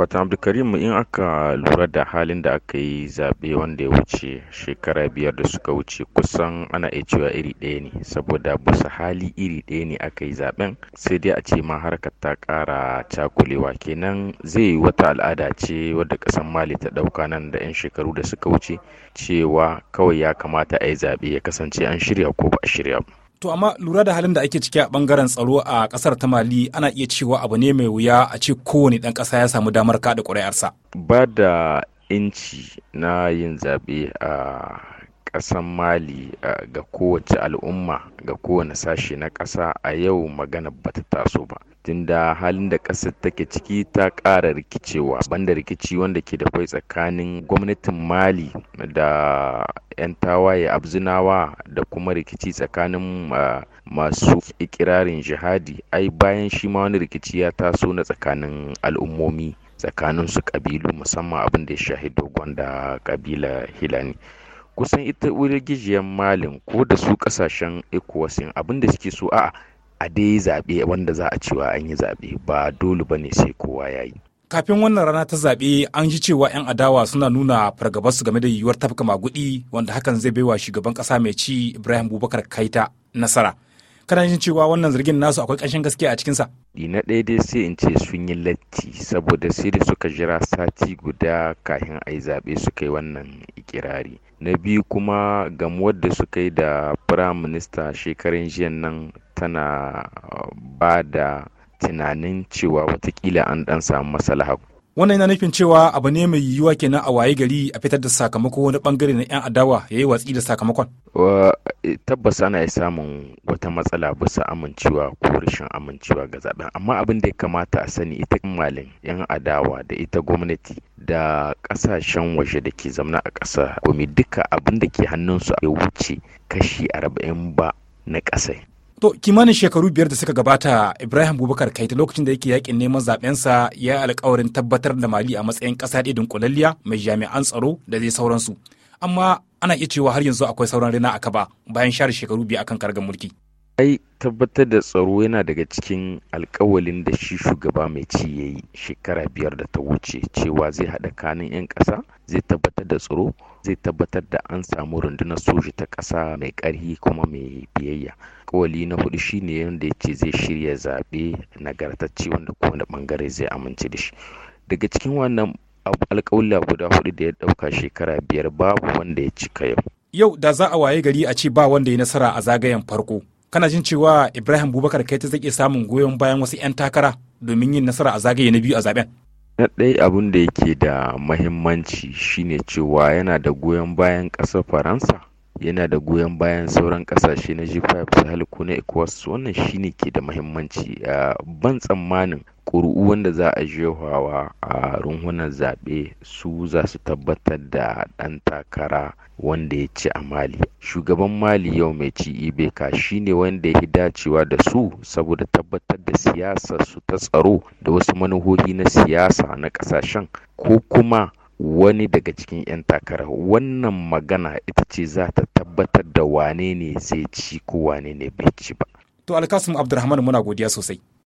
wata abdulkarim in aka lura da halin da aka yi zaɓe wanda ya wuce shekara biyar da suka wuce kusan ana iya cewa iri ɗaya ne saboda busa hali iri ɗaya ne aka yi zaɓen sai dai a ce ma harkar ta ƙara cakulewa kenan zai yi wata al'ada ce wadda ƙasar mali ta ɗauka nan da 'yan shekaru da suka wuce cewa kawai ya kamata a yi zaɓe ya kasance an shirya ko ba a shirya ba To amma lura da halin da ake ciki a bangaren tsaro a kasar ta Mali ana iya cewa abu ne mai wuya a ce kowane ɗan ƙasa ya samu damar kaɗa ƙuri'arsa. Ba da inci na yin zaɓe a ƙasan Mali ga kowace al'umma ga kowane sashe na ƙasa a yau magana ba ta taso ba. Tunda halin da ƙasar take ciki ta ƙara rikicewa banda rikici wanda ke da kwai tsakanin gwamnatin Mali da 'yan tawaye abzinawa da kuma rikici tsakanin ah, masu ikirarin jihadi ai bayan shi ma wani rikici ya taso na tsakanin al'ummomi tsakanin su kabilu musamman abin da ya shahi dogon da kabila hilani kusan ita gijiyar malin ko da su kasashen ecowasin abin da suke so a a dai zaɓe wanda za a cewa an yi zaɓe ba dole ba ne sai kowa ya yi kafin wannan rana ta zaɓe an ji cewa 'yan adawa suna nuna fargabarsu game da yiwuwar tafka magudi wanda hakan zai baiwa shugaban ƙasa mai ci ibrahim bubakar kaita nasara kana jin cewa wannan zargin nasu akwai ƙanshin gaskiya a cikinsa na ɗaya dai sai in ce sun yi latti saboda sai da suka jira sati guda kafin a yi zaɓe suka yi wannan ikirari na biyu kuma gamuwar da suka yi da firayim minista shekarun jiya nan tana uh, ba da tunanin cewa watakila an dan samu maslaha wannan yana nufin cewa abu ne mai yiwuwa kenan a waye gari a fitar da sakamako na bangare na 'yan adawa ya yi watsi da sakamakon eh, tabbas ana samun wata matsala bisa amincewa ko rashin amincewa ga zaben amma abin da ya kamata a sani ita malin 'yan adawa da ita gwamnati da kasashen waje da ke zamna a ƙasa gomi duka abin da ke hannunsu ya wuce kashi arba'in ba na ƙasa To kimanin shekaru biyar da suka gabata Ibrahim Bubakar Kaita lokacin da yake yakin neman zaɓensa ya yi alkawarin tabbatar da Mali a matsayin ƙasa da ɗaya kulalliya mai jami'an tsaro da dai sauransu. Amma ana iya cewa har yanzu akwai sauran rina a kaba bayan share shekaru biyu akan kargar mulki. Ai tabbatar da tsaro yana daga cikin alƙawalin da shi shugaba mai ci ya yi shekara biyar da ta wuce cewa zai haɗa kanun 'yan ƙasa zai tabbatar da tsaro zai tabbatar da an samu rundunar soji ta ƙasa mai ƙarfi kuma mai biyayya alƙawali na hudu shine yadda ya ce zai shirya zaɓe nagartacce wanda kowane ɓangare zai amince da shi daga cikin wannan alƙawla guda hudu da ya ɗauka shekara biyar babu wanda ya cika yau yau da za a waye gari a ce ba wanda ya nasara a zagayen farko kana jin cewa ibrahim bubakar kai ta zai samun goyon bayan wasu 'yan takara domin yin nasara a zagaye na biyu a zaben na ɗaya abin da yake da mahimmanci shine cewa yana da goyon bayan ƙasar faransa yana da goyon bayan sauran ƙasashe na g5 sahel ko na ecowas wannan shine ke da mahimmanci ah, ban tsammanin ƙuri'u wanda za a jefawa a runhunan zaɓe su za su tabbatar da ɗan takara wanda ya ci a mali shugaban mali yau mai ci ibeka shine wanda ya fi dacewa da su saboda tabbatar da siyasa su ta tsaro da wasu manuhohi na siyasa na ƙasashen ko kuma wani daga cikin 'yan takara wannan magana ita ce za ta tabbatar da wane ne zai ci ko wane ne bai ci ba to alkasim abdulrahman muna godiya sosai